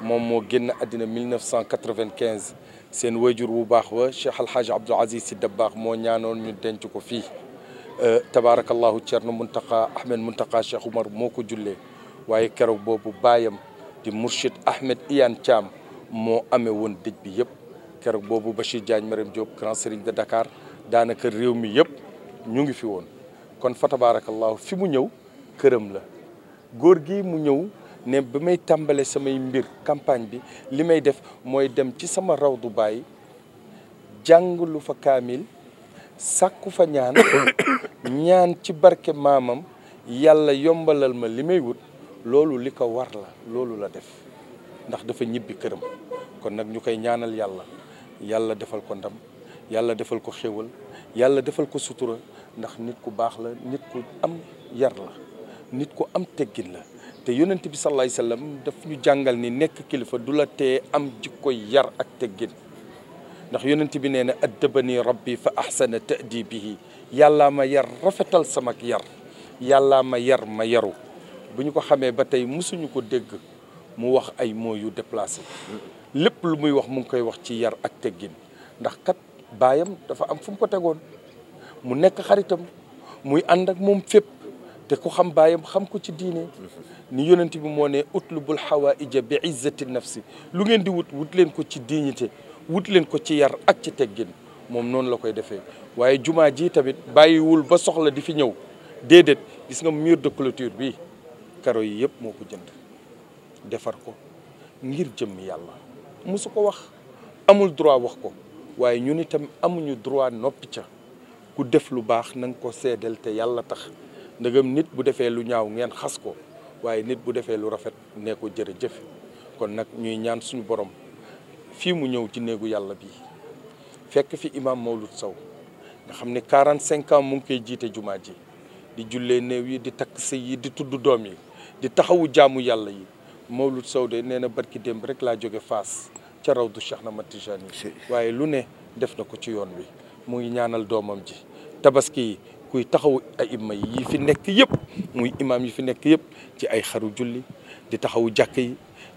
moom moo génn àddina 1995 seen wayjur bu baax wa Cheikh Al Hadj Abdoul Aziz Sy moo ñaanoon ñu denc ko fii euh, tabaarakallahu Thierno Mountakha Ahmed Mountakha Cheikh Oumar moo ko jullee waaye keroog boobu baayam di Mourchid Ahmed Iyane Thiam moo amee woon dëj bi yëpp keroog boobu Bachir jaañ Marème Diop grand serigne de Dakar daanaka réew mi yëpp ñu ngi fi woon kon fa tabaarakallahu fi mu ñëw këram la góor gi mu ñëw. ne ba may tàmbalee samay mbir campagne bi li may def mooy dem ci sama raw rawdu baay jàng lu fa kaamil sàkku fa ñaan ñaan ci barke maamam yàlla yombalal ma li may wut loolu li ko war la loolu la def ndax dafa ñibbi këram kon nag ñu koy ñaanal yàlla yàlla defal ko ndam yàlla defal ko xéwal yàlla defal ko sutura ndax nit ku baax la nit ku am yar la nit ku am teggin la te yonent bi sallallahu alayhi wasallam daf ñu jàngal ni nekk kilifa du la te am jikko yar ak teggin ndax yonent bi nee na addabani rabbi fa ahsana bi yàlla ma yar rafetal sama yar yàlla ma yar ma yaru bu ñu ko xamee ba tey mësuñu ko dégg mu wax ay mots yu lépp lu muy wax mu ngi koy wax ci yar ak teggin ndax kat baayam dafa am fu mu ko tegoon mu nekk xaritam muy ànd ak moom fépp te ku xam baayam xam ko ci diine ni yonent bi moo ne utlubul xawaaija bi izzati nafsi lu ngeen di wut wut leen ko ci dignité wut leen ko ci yar ak ci teggin moom noonu la koy defee waaye jumaa ji tamit bàyyiwul ba soxla di fi ñëw déedéet gis nga mur de clôture bi karo yi yëpp moo ko jënd defar ko ngir jëmm yàlla musu ko wax amul droit wax ko waaye ñun itam amuñu droit noppi ca ku def lu baax na ko seedal te yàlla tax ndegam nit bu defee lu ñaaw ngeen xas ko waaye nit bu defee lu rafet nee ko jërëjëf kon nag ñuy ñaan suñu borom fii mu ñëw ci néegu yàlla bi fekk fi imam Mawlud Sow nga xam ne 45 ans mu ngi koy jiite jumaa ji di jullee néew yi di takk sëy yi di tudd doom yi di taxawu jaamu yàlla yi Mawlud Sow de nee na barki démb rek laa jóge Faas ca raw du Cheikh na Matijani waaye lu ne def na ko ci yoon wi mu ngi ñaanal doomam ji tabaski kuy taxawu ay imma yi fi nekk yëpp muy imaam yi fi nekk yëpp ci ay xaru julli di taxawu jàkk yi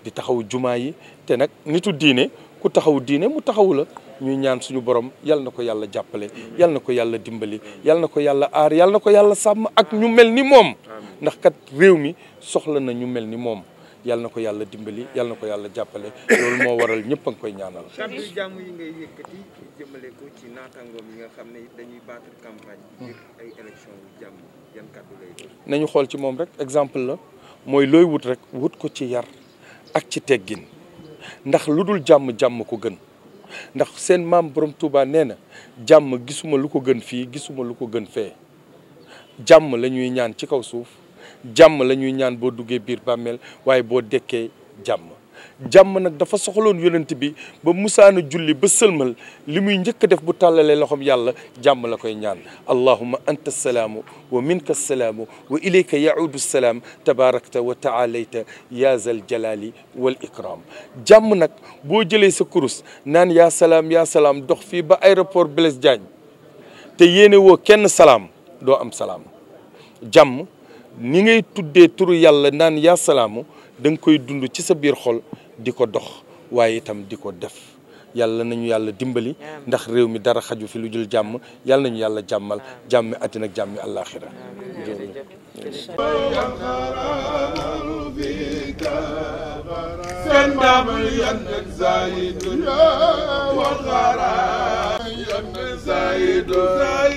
di taxawu jumaa yi te nag nitu diine ku taxawu diine mu taxawu la ñuy ñaan suñu borom yal na ko yàlla jàppale yal na ko yàlla dimbali yal na ko yàlla aar yal na ko yàlla sàmm ak ñu mel ni moom ndax kat réew mi soxla na ñu mel ni moom yal na ko yàlla dimbali yal na ko yàlla jàppale loolu moo waral ñëpp a ngi koy ñaanal. kàddu jàmm yi ngay yëkkati ko ci naataangoom yi nga xam ne dañuy battre nañu xool ci moom rek exemple la mooy looy wut rek wut ko ci yar ak ci teggin ndax lu dul jàmm jàmm ko gën. ndax seen maam borom tuubaa nee na jàmm gisuma lu ko gën fii gisuma lu ko gën fee jàmm la ñuy ñaan ci kaw suuf jàmm la ñuy ñaan boo duggee biir bàmmeel waaye boo dekkee jàmm jàmm nag dafa soxloon yonent bi ba musaana julli ba sëlmal li muy njëkk a def bu tàllalee loxoom yàlla jàmm la koy ñaan allahuma anta salaamu wa minka salaamu wa ilayka yaudu salaam tabarakta wa taalayta ya zal jalali wal ikram jàmm nag boo jëlee sa kurus naan yaa salaam ya salaam dox fii ba aéroport Blaise Diagne te yéene woo kenn salaam doo am salaam jàmm ni ngay tuddee turu yàlla naan yaa salaamu da koy dund ci sa biir xol di ko dox waaye itam di ko def yàlla nañu yàlla dimbali ndax réew mi dara xaju fi lu jul jàmm yàlla nañu yàlla jàmmal jàmmi àddina ak jàmmi àllaaxira jërëjëf